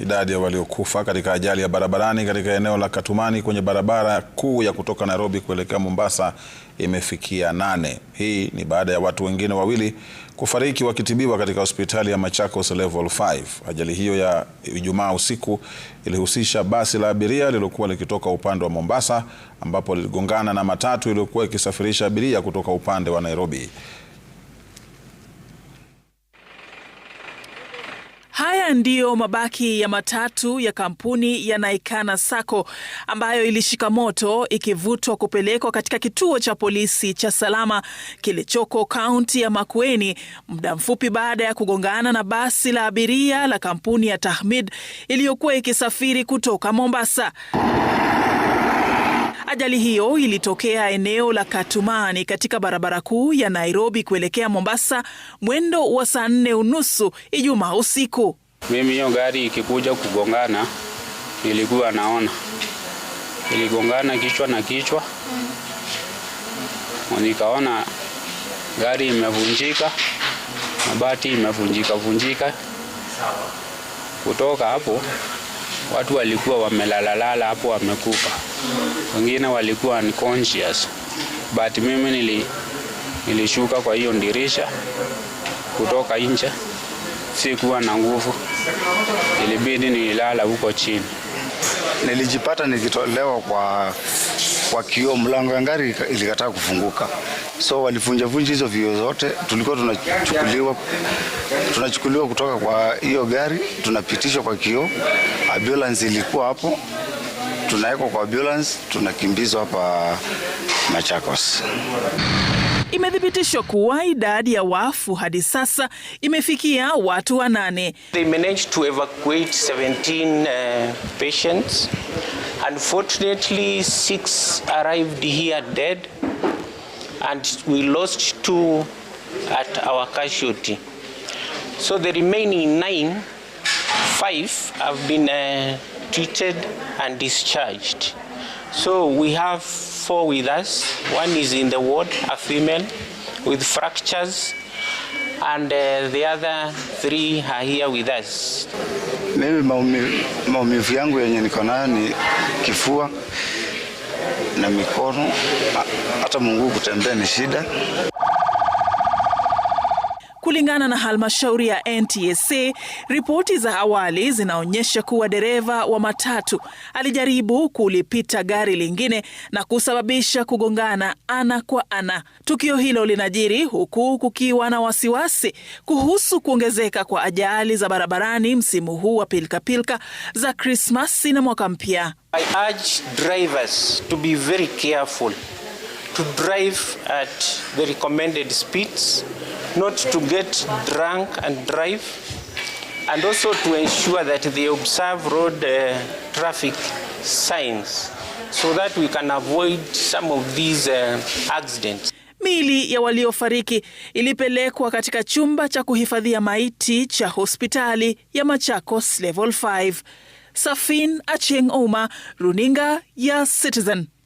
Idadi ya waliokufa katika ajali ya barabarani katika eneo la Katumani kwenye barabara kuu ya kutoka Nairobi kuelekea Mombasa imefikia nane. Hii ni baada ya watu wengine wawili kufariki wakitibiwa katika hospitali ya Machakos Level 5. Ajali hiyo ya Ijumaa usiku ilihusisha basi la abiria lililokuwa likitoka upande wa Mombasa ambapo liligongana na matatu iliyokuwa ikisafirisha abiria kutoka upande wa Nairobi. Haya ndiyo mabaki ya matatu ya kampuni ya Naikana Sacco ambayo ilishika moto ikivutwa kupelekwa katika kituo cha polisi cha Salama kilichoko kaunti ya Makueni muda mfupi baada ya kugongana na basi la abiria la kampuni ya Tahmid iliyokuwa ikisafiri kutoka Mombasa. Ajali hiyo ilitokea eneo la Katumani katika barabara kuu ya Nairobi kuelekea Mombasa mwendo wa saa nne unusu Ijumaa usiku. Mimi hiyo gari ikikuja kugongana, nilikuwa naona iligongana kichwa na kichwa, nikaona gari imevunjika, mabati imevunjika vunjika. Kutoka hapo watu walikuwa wamelalalala hapo, wamekufa, wengine walikuwa unconscious, but mimi nilishuka kwa hiyo ndirisha kutoka nje sikuwa na nguvu, ilibidi nilala huko chini. Nilijipata nikitolewa kwa, kwa kioo. Mlango ya gari ilikataa kufunguka, so walivunjavunja hizo vioo zote. Tulikuwa tunachukuliwa tunachukuliwa kutoka kwa hiyo gari, tunapitishwa kwa kioo. Ambulance ilikuwa hapo, tunawekwa kwa ambulance, tunakimbizwa hapa Machakos. Imethibitishwa kuwa idadi ya wafu hadi sasa imefikia watu wanane. They managed to evacuate 17 uh, patients. Unfortunately, six arrived here dead and we lost two at our casualty. So the remaining nine, five have been uh, treated and discharged. So we have four with us. One is in the ward, a female with fractures, and uh, the other three are here with us. Mimi maumivu yangu yenye niko nayo ni kifua na mikono, hata mungu kutembea ni shida. Kulingana na halmashauri ya NTSA, ripoti za awali zinaonyesha kuwa dereva wa matatu alijaribu kulipita gari lingine na kusababisha kugongana ana kwa ana. Tukio hilo linajiri huku kukiwa na wasiwasi kuhusu kuongezeka kwa ajali za barabarani msimu huu wa pilkapilka za Krismasi na mwaka mpya. I urge drivers to be very careful to drive at the recommended speeds, not to get drunk and drive, and also to ensure that they observe road uh, traffic signs so that we can avoid some of these uh, accidents. Miili ya waliofariki ilipelekwa katika chumba cha kuhifadhia maiti cha hospitali ya Machakos Level 5. Safin Acheng Oma, Runinga ya Citizen.